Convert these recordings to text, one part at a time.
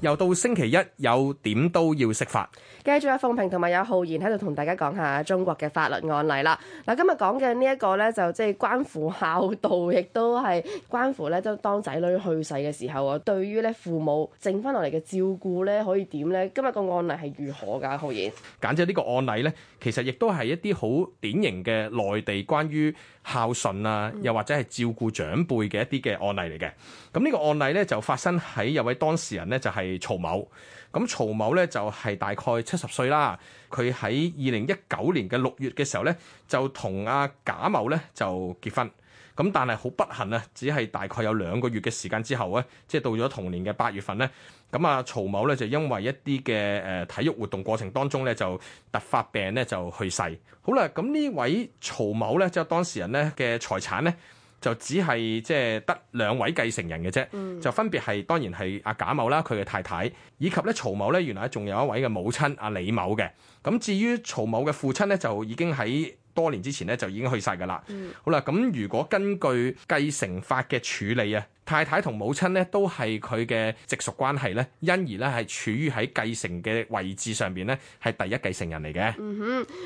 又到星期一，有點都要識法。繼續有鳳萍同埋有浩然喺度同大家講下中國嘅法律案例啦。嗱，今日講嘅呢一個咧，就即係關乎孝道，亦都係關乎咧，即係當仔女去世嘅時候啊，對於咧父母剩翻落嚟嘅照顧咧，可以點咧？今日個案例係如何噶？浩然，簡直呢個案例咧，其實亦都係一啲好典型嘅內地關於孝順啊，又或者係照顧長輩嘅一啲嘅案例嚟嘅。咁呢、嗯、個案例咧，就發生喺有位當事人咧，就係、是。曹某，咁曹某咧就係大概七十歲啦。佢喺二零一九年嘅六月嘅時候咧，就同阿賈某咧就結婚。咁但係好不幸啊，只係大概有兩個月嘅時間之後咧，即係到咗同年嘅八月份咧，咁阿曹某咧就因為一啲嘅誒體育活動過程當中咧就突發病咧就去世。好啦，咁呢位曹某咧即係當事人咧嘅財產咧。就只係即係得兩位繼承人嘅啫，嗯、就分別係當然係阿賈某啦，佢嘅太太，以及咧曹某咧，原來仲有一位嘅母親阿李某嘅。咁至於曹某嘅父親咧，就已經喺多年之前咧就已經去世㗎喇。嗯、好啦，咁如果根據繼承法嘅處理啊。太太同母親咧都係佢嘅直屬關係咧，因而咧係處於喺繼承嘅位置上邊咧，係第一繼承人嚟嘅。咁啊、嗯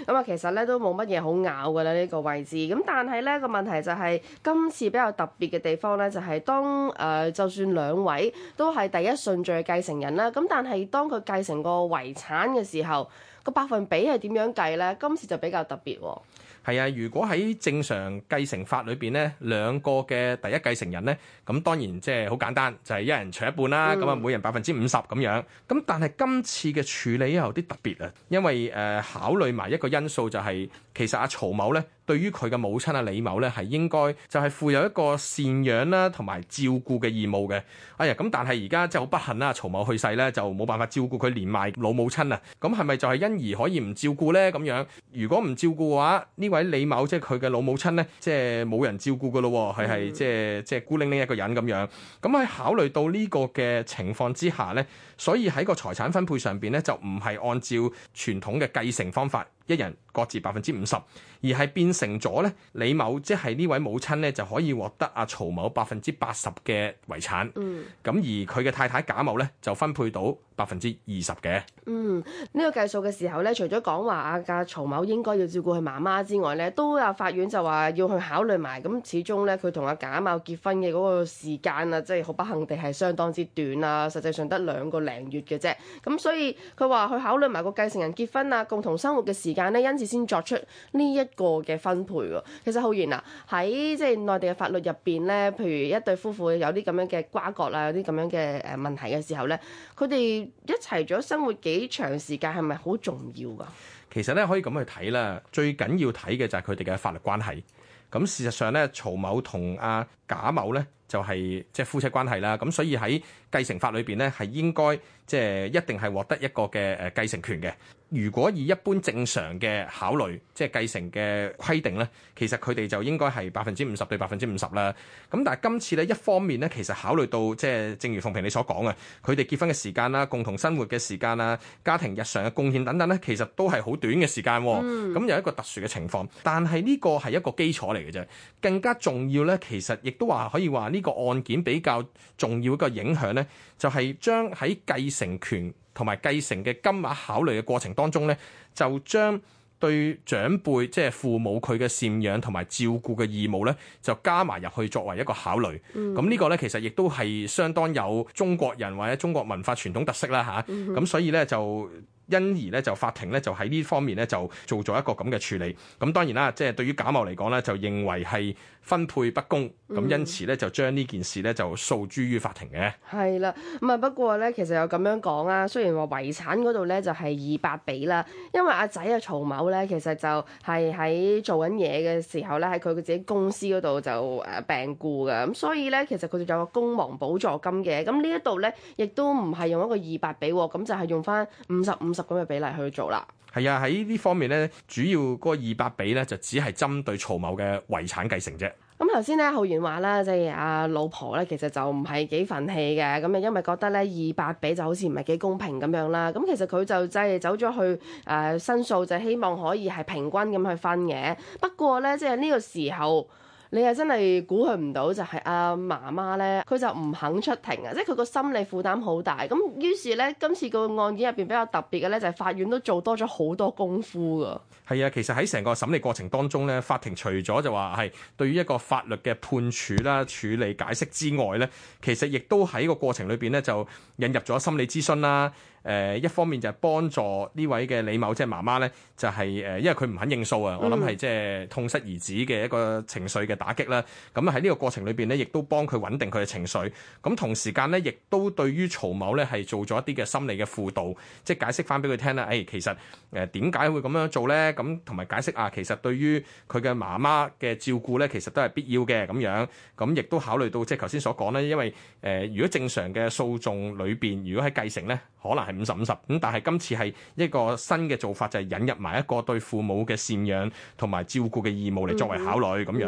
哼，其實咧都冇乜嘢好拗㗎啦，呢、這個位置。咁但係咧個問題就係、是、今次比較特別嘅地方咧，就係當誒就算兩位都係第一順序嘅繼承人啦，咁但係當佢繼承個遺產嘅時候，個百分比係點樣計咧？今次就比較特別喎、哦。係啊，如果喺正常繼承法裏邊咧，兩個嘅第一繼承人咧，咁當然即係好簡單，就係一人除一半啦。咁啊，每人百分之五十咁樣。咁但係今次嘅處理有啲特別啊，因為誒考慮埋一個因素就係其實阿曹某咧。對於佢嘅母親啊，李某咧係應該就係負有一個贍養啦同埋照顧嘅義務嘅。哎呀，咁但係而家即係好不幸啦，曹某去世咧就冇辦法照顧佢年邁老母親啊。咁係咪就係因而可以唔照顧咧？咁樣如果唔照顧嘅話，呢位李某即係佢嘅老母親咧，即係冇人照顧嘅咯。佢係即係即係孤零零一個人咁樣。咁喺考慮到呢個嘅情況之下咧，所以喺個財產分配上邊咧就唔係按照傳統嘅繼承方法。一人各自百分之五十，而係變成咗咧，李某即係呢位母親咧就可以獲得阿曹某百分之八十嘅遺產。嗯，咁而佢嘅太太賈某咧就分配到百分之二十嘅。嗯，呢個計數嘅時候咧，除咗講話阿曹某應該要照顧佢媽媽之外咧，都有法院就話要去考慮埋。咁始終咧，佢同阿賈某結婚嘅嗰個時間啊，即係好不幸地係相當之短啊，實際上得兩個零月嘅啫。咁所以佢話去考慮埋個繼承人結婚啊，共同生活嘅時間。因此先作出呢一個嘅分配喎。其實浩然啊，喺即係內地嘅法律入邊咧，譬如一對夫婦有啲咁樣嘅瓜葛啦，有啲咁樣嘅誒問題嘅時候咧，佢哋一齊咗生活幾長時間，係咪好重要噶？其實咧，可以咁去睇啦。最緊要睇嘅就係佢哋嘅法律關係。咁事實上咧，曹某同阿賈某咧就係即係夫妻關係啦。咁所以喺繼承法裏邊咧，係應該即係一定係獲得一個嘅誒繼承權嘅。如果以一般正常嘅考慮，即係繼承嘅規定呢，其實佢哋就應該係百分之五十對百分之五十啦。咁但係今次呢，一方面呢，其實考慮到即係正如鳳平你所講嘅，佢哋結婚嘅時間啦、共同生活嘅時間啦、家庭日常嘅貢獻等等呢，其實都係好短嘅時間。咁有、嗯、一個特殊嘅情況，但係呢個係一個基礎嚟嘅啫。更加重要呢，其實亦都話可以話呢個案件比較重要嘅一個影響呢，就係將喺繼承權。同埋繼承嘅金額考慮嘅過程當中呢，就將對長輩即係父母佢嘅贍養同埋照顧嘅義務呢，就加埋入去作為一個考慮。咁呢、mm hmm. 個呢，其實亦都係相當有中國人或者中國文化傳統特色啦，吓，咁所以呢就。因而咧就法庭咧就喺呢方面咧就做咗一個咁嘅處理。咁當然啦，即係對於賈某嚟講咧就認為係分配不公，咁、嗯、因此咧就將呢件事咧就訴諸於法庭嘅。係啦，咁啊不過咧其實有咁樣講啊，雖然話遺產嗰度咧就係二百比啦，因為阿仔啊曹某咧其實就係喺做緊嘢嘅時候咧喺佢嘅自己公司嗰度就誒病故嘅。咁所以咧其實佢哋有個工亡補助金嘅。咁呢一度咧亦都唔係用一個二百比喎，咁就係、是、用翻五十五。五十咁嘅比例去做啦，係啊，喺呢方面咧，主要嗰個二百比咧就只係針對曹某嘅遺產繼承啫。咁頭先咧，浩然話啦，即係阿老婆咧，其實就唔係幾忿氣嘅，咁啊，因為覺得咧二百比就好似唔係幾公平咁樣啦。咁、嗯、其實佢就即係走咗去誒、呃、申訴，就希望可以係平均咁去分嘅。不過咧，即係呢個時候。你係真係估佢唔到，就係阿媽媽呢，佢就唔肯出庭啊！即係佢個心理負擔好大。咁於是呢，今次個案件入邊比較特別嘅呢，就係法院都做多咗好多功夫噶。係啊，其實喺成個審理過程當中呢，法庭除咗就話係對於一個法律嘅判處啦、處理解釋之外呢，其實亦都喺個過程裏邊呢，就引入咗心理諮詢啦。誒一方面就係幫助呢位嘅李某即係媽媽呢，就係、是、誒、就是，因為佢唔肯應訴啊，我諗係即係痛失兒子嘅一個情緒嘅打擊啦。咁喺呢個過程裏邊呢，亦都幫佢穩定佢嘅情緒。咁同時間呢，亦都對於曹某呢，係做咗一啲嘅心理嘅輔導，即係解釋翻俾佢聽啦。誒，其實誒點解會咁樣做呢？咁同埋解釋啊，其實對於佢嘅媽媽嘅照顧呢，其實都係必要嘅咁樣。咁亦都考慮到即係頭先所講呢，因為誒、呃，如果正常嘅訴訟裏邊，如果喺繼承呢，可能係。五十五十咁，50, 但係今次係一個新嘅做法，就係、是、引入埋一個對父母嘅贍養同埋照顧嘅義務嚟作為考慮咁、嗯、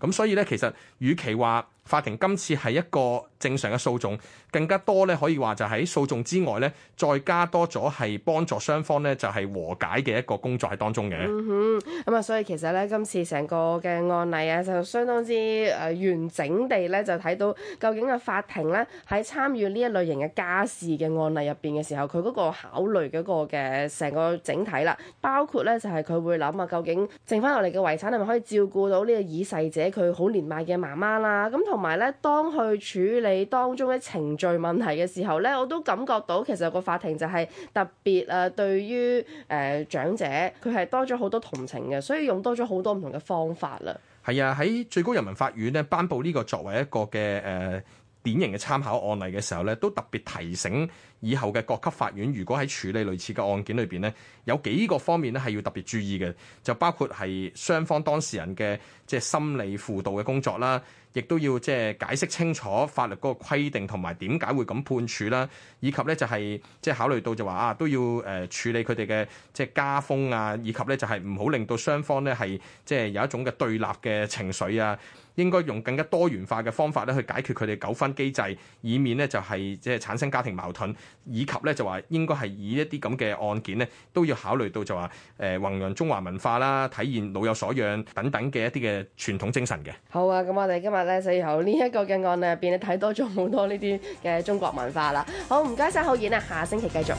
樣。咁所以呢，其實與其話法庭今次係一個。正常嘅訴訟更加多咧，可以話就喺訴訟之外咧，再加多咗係幫助雙方咧，就係、是、和解嘅一個工作喺當中嘅。嗯哼，咁、嗯、啊，所以其實咧，今次成個嘅案例啊，就相當之誒完整地咧，就睇到究竟嘅法庭咧喺參與呢一類型嘅家事嘅案例入邊嘅時候，佢嗰個考慮嗰個嘅成個整體啦，包括咧就係、是、佢會諗啊，究竟剩翻落嚟嘅遺產係咪可以照顧到呢個已逝者佢好年邁嘅媽媽啦？咁同埋咧，當去處理，你當中嘅程序問題嘅時候呢，我都感覺到其實有個法庭就係特別啊，對於誒、呃、長者，佢係多咗好多同情嘅，所以用多咗好多唔同嘅方法啦。係啊，喺最高人民法院咧頒布呢個作為一個嘅誒、呃、典型嘅參考案例嘅時候呢，都特別提醒。以後嘅各級法院，如果喺處理類似嘅案件裏邊呢，有幾個方面咧係要特別注意嘅，就包括係雙方當事人嘅即係心理輔導嘅工作啦，亦都要即係解釋清楚法律嗰個規定同埋點解會咁判處啦，以及呢，就係即係考慮到就話啊，都要誒處理佢哋嘅即係家風啊，以及呢，就係唔好令到雙方咧係即係有一種嘅對立嘅情緒啊，應該用更加多元化嘅方法咧去解決佢哋糾紛機制，以免呢就係即係產生家庭矛盾。以及咧就話應該係以一啲咁嘅案件咧，都要考慮到就話誒弘揚中華文化啦，體現老有所養等等嘅一啲嘅傳統精神嘅。好啊，咁我哋今日咧最後呢一個嘅案例入邊咧睇多咗好多呢啲嘅中國文化啦。好，唔該晒，浩然啊，下星期繼續。